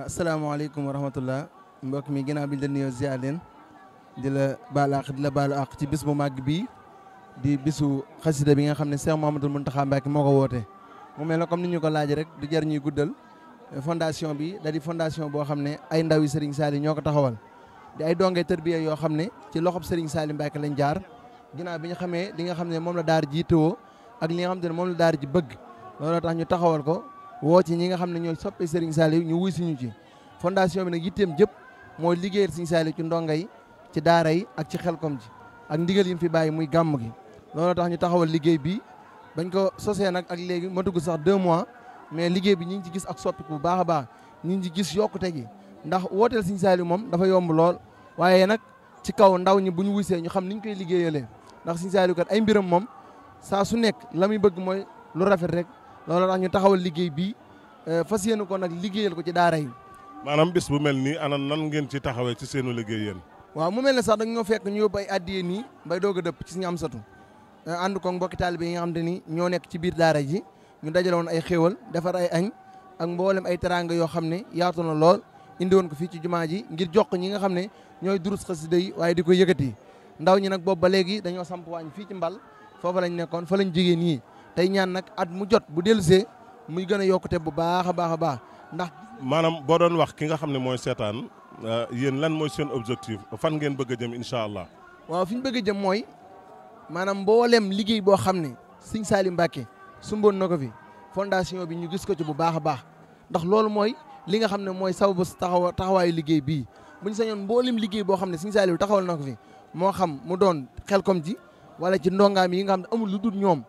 Euh, asalaamaaleykum wa rahmatullah mbokk mi ginnaaw bi ñu leen nuyoo ziar di la baalu di la baalu àq ci bis mu màgg bii di bisu xasida bi nga xam ne Cheikh Mouhamadoul Mountakha Mbacké moo ko woote. mu mel ne comme ni ñu ko laaj rek du jar ñuy guddal fondation bi da di fondation boo xam ne ay ndawi Serigne Saliou ñoo ko taxawal di ay dongee tërbiya yoo xam ne ci loxob Serigne saali Mbacké lañ jaar ginnaaw bi ñu xamee li nga xam ne moom la daar jiitewoo ak li nga xam ne moom la daar ji bëgg looloo tax ñu taxawal ko. woo ci ñi nga xam ne ñooy soppe Serigne Saliou ñu wuy suñu ci fondation bi nag yitteem jëpp moo liggéeyal Serigne Saliou ci ndonga yi ci daara yi ak ci xelkom ji ak ndigal yi mu fi bàyyi muy gàmm gi loolu tax ñu taxawal liggéey bi bañ ko sosee nag ak léegi matugul sax deux mois mais liggéey bi ñi ngi ci gis ak soppiku bu baax a baax ñi ngi ci gis yokkute gi ndax wooteel Serigne Saliou moom dafa yomb lool waaye nag ci kaw ndaw ñi bu ñu see ñu xam niñ koy liggéeyalee ndax Serigne Saliou kat ay mbiram moom saa su nekk la muy bëgg mooy lu rafet rek loolu tax ñu taxawal liggéey bii euh, fas yéene kon nag liggéeyal ko ci daara yi. maanaam bis bu mel nii ana nan ngeen ci taxawee ci seenu liggéey yéen. waaw mu mel ne sax dañ ñoo fekk ñu yóbbu ay addiye nii mbay doog a dëpp ci suñu am satu euh, ànd ko mbokki taalibe yi nga xam ni ñoo nekk ci biir daara ji ñu dajale woon ay xéewal defar ay añ ak mboolem ay teraanga yoo xam ne yaatu na lool indi woon ko fii ci jumaa ji ngir jox ñi nga xam ne ñooy durus xasida yi waaye di ko yëkkati ndaw ñi nag boobu ba léegi dañoo samp waañ fii ci mbal foofa lañ nekkoon fa lañ jigéen ñi tey ñaan nag at mu jot bu dellusee muy gën a yokkute bu baax a baax a baax ndax. maanaam boo doon wax ki nga xam ne mooy seetaan euh, yéen lan mooy seen objectif fan ngeen bëgg a jëm incha allah. waaw fi ñu bëgg a jëm mooy maanaam mbooleem liggéey boo xam ne Sëñ Saali Mbàkke sumboon na ko fi fondation bi ñu gis ko ci bu baax a baax ndax loolu mooy li nga xam ne mooy sababu taxawa taxawaayu liggéey bii bu ñu sañoon mboolem liggéey boo xam ne siñ Saali taxawal na ko fi moo xam mu doon xelkom ji wala ci ndongaam yi nga xam ne amul lu dul ñoom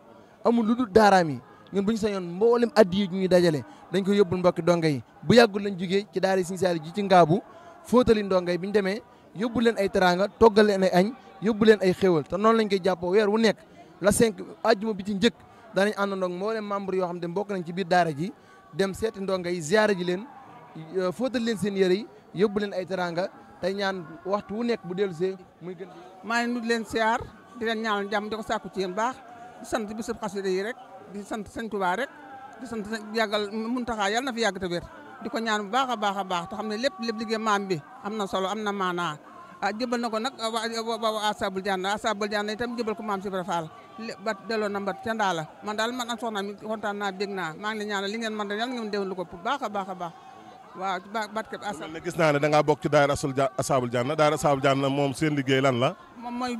amul lu dul daaraam yi ñun bu ñu sañoon mboolem addi yi ñuy dajale dañ ko yóbbul mbokki donga yi bu yàggul lañ jugee ci daara Sëriñ Saaliw ji ci ngaabu fóotali ndonga yi bi ñu demee yóbbu leen ay teraanga toggal leen añ yóbbu leen ay xéwal te noonu lañ koy jàppoo weer wu nekk la cinq àjjuma bi ci njëkk danañ àndandoo ak mboolem membre yoo xam ne bokk nañ ci biir daara ji dem seeti ndonga yi ziyaare ji leen euh, fóotal leen seen yére yi yóbbu leen ay teraanga tey ñaan waxtu wu nekk bu dellusee muy gën maa ngi nuyu leen siyaar di leen ñaanal jàmm di ko sàkku ci yéen baax di sant bisub xasida yi rek di sant sëñ Tuubaa rek di sant yàggal Muntaxaa yàlla na fi yàgg te wér di ko ñaan bu baax a baax a baax te ma ne lépp lépp liggéey maam bi am na solo am na maanaa ah jëbal na ko nag ah, waa Asabul Janna Asabul Janna itam jëbal ko maam si Ibra Faal ba delloo na mbat ca ndaa la man daal man soxna mi kontaan naa bég naa maa ngi leen li ngeen man da yàlla ngeen déwén lu ko baax a baax a baax waaw ci barke Asabul gis naa ne da la moom mooy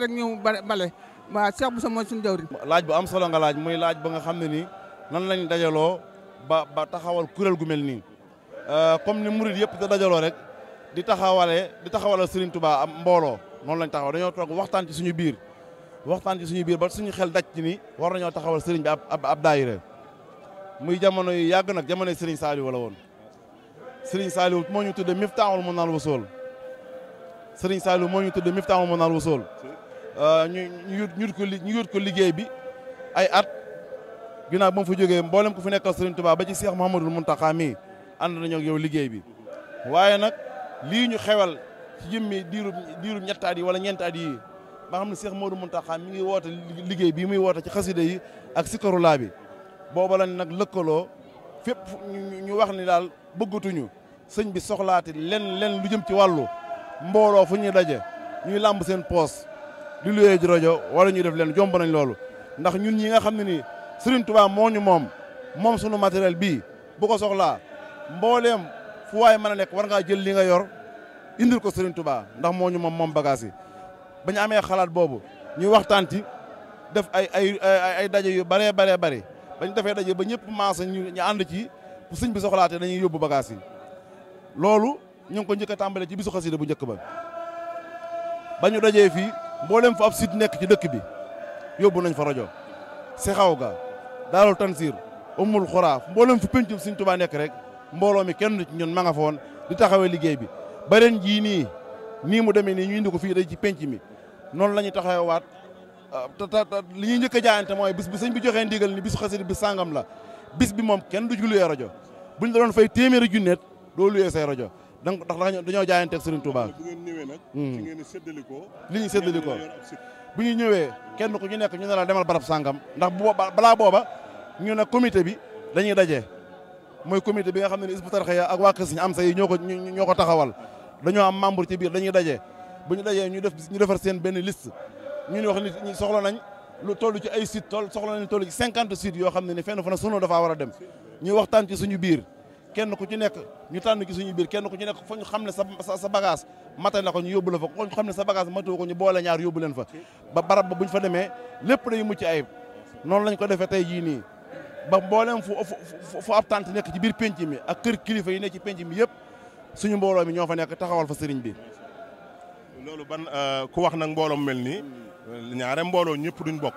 rek ñëw waaw Cheikh Bousso mooy suñu jawri laaj bu am solo nga laaj muy laaj ba nga xam ne nii nan lañ dajaloo ba ba taxawal kuréel gu mel nii euh, comme ni murid yëpp da dajaloo rek di taxawalee di taxawalal Serigne Touba am mbooloo noonu lañ taxaw dañoo toog waxtaan ci suñu biir waxtaan ci suñu biir ba suñu xel daj ci ni war nañoo taxawal Serigne bi ab ab daayira muy jamono yu yàgg nag jamono Serigne Saliou la woon Serigne Saliou moo ñu tudde Miftaahul Manaal Wusul Serigne Saliou moo ñu tudde Miftaahul Manaal Wusul Euh, ñu ñu ñu ko ñu yóot ko liggéey bi ay at ginnaaw ba mu fa jógee mboolem ku fi nekkal Serigne Touba ba ci Cheikh Mouhamadoul Mountakha mii ànd nañoo ak yow liggéey bi waaye nag lii ñu xewal ci jëmmi diirub diirub ñetti at yi wala ñeenti yi ba xam ne Cheikh Modou Mountakha mi ngi woota liggéey bi muy woote ci xasida yi ak sikarulaa bi booba lañ nag lëkkaloo fépp ñu wax ni daal bëggatuñu sëñ bi soxlaati len len lu jëm ci wàllu mbooloo fu ñuy daje ñuy làmb seen poos di luyee ji rajo wala ñuy def leen jomb nañ loolu ndax ñun ñi nga xam ne nii Serigne Touba moo ñu moom moom sunu matériel bii bu ko soxlaa mbooleem fu waay mën a nekk war ngaa jël li nga yor indil ko Serigne Touba ndax moo ñu moom moom bagage yi ba amee xalaat boobu ñu waxtaan ci def ay ay ay daje yu baree baree bari bañ defee daje ba ñëpp maasa ñu ñu ànd ci bu sëñ bi soxlaatee dañuy yóbbu bagage yi loolu ñu ngi ko njëkk a ci bisu xasida bu njëkk ba mboolem fa ab site nekk ci dëkk bi yóbbu nañ fa rajo Sexaw ga Daarul Tansiir Umul Xuraaf mboolem fu pencum Sëñ Tuubaa nekk rek mbooloo mi kenn ci ñun ma di taxawee liggéey bi. ba ren jii nii nii mu demee nii ñu indi ko fii day ci penc mi noonu la ñuy taxawaat te ah, te li ñu njëkk a jaayante mooy bis bi señ bi joxee ndigal ni bis bisu xasida bi sàngam la bis bi moom kenn du ci luyee rajo buñ la doon fay téeméeri junneet doo luyee say rajo. donc ndax dañoo jaayanteeg Serigne Touba. bu ngeen ñëwee nag. Hmm. ci ngeen di séddalikoo. li ñuy séddalikoo bu ñu ñëwee kenn ku ñu nekk ñu ne la demal barab sangam ndax bu balaa booba ñu ne comité bi dañuy daje mooy comité bi nga xam ne Hizbut Tarqiyyah ak waa Kër Sëriñ Amsa yi ñoo ko ñoo ko taxawal dañoo am membre ci biir dañuy daje bu ñu dajee ñu def ñu defar seen benn list ñu wax nit ñi soxla nañ lu toll ci ay sites toll soxla nañ toll ci cinquante sites yoo xam ne ni fenn fu ne sunu dafaa war a dem ñu waxtaan ci suñu biir kenn ku ci nekk ñu tànn ki suñu biir kenn ku ci nekk foo ñu xam ne sa sa bagage mate na ñu yóbbu la fa ko ñu xam ne sa bagage matoo ko ñu boole ñaar yóbbu leen fa ba barab ba buñ fa demee lépp day mucc ayib noonu lañ ko defee tey jii nii ba mbooleem fu fu ab tànt nekk ci biir penc mi ak kër kilifa yi nekk ci penc mi yëpp suñu mbooloo mi ñoo fa nekk taxawal fa sëriñ bi loolu ban euh, ku wax nag mbooloo mel nii ñaare mbooloo ñëpp duñ bokk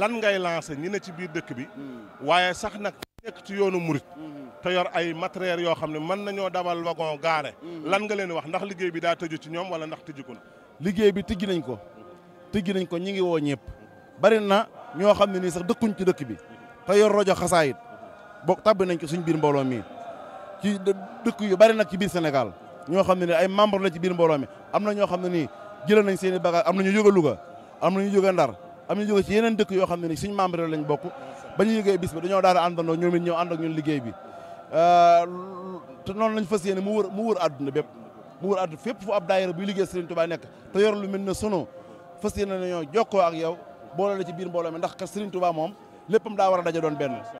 lan ngay lancé ñi ne ci biir dëkk bi hmm. waaye sax nag nekk ci yoonu murit te yor ay matériel yoo xam ne man na ñoo dawal wagon gaare lan nga leen wax ndax liggéey bi daa tëju ci ñoom wala ndax tëjukul liggéey bi tijji nañ ko tijji nañ ko ñi ngi woo ñëpp bari na ñoo xam ne nii sax dëkkuñ ci dëkk bi te yor rajo xasaayit bokk tàbbi nañ ko suñ biir mbooloo mi ci dëkk yu bari na ci biir Sénégal ñoo xam ne nii ay membre la ci biir mbooloo mi am na ñoo xam ne nii jëla nañ seen am na ñu jóge Louga am na ñu jóge Ndar am na ñu jóge ci yeneen yoo xam ne suñ membre lañ bokk ba ñu yëgee bis ba dañoo daal àndandoo ñoom it ñëw ànd liggéey bi te noonu lañ fas yéene mu wër mu wër na bépp mu wër àdduna fépp fu ab daayira buy liggéey Serigne Touba nekk te yor lu mel ne sono fas yéene nañoo jokkoo ak yow boole la ci biir mbooloo mi ndax kat Serigne Touba moom léppam daa war a daje doon benn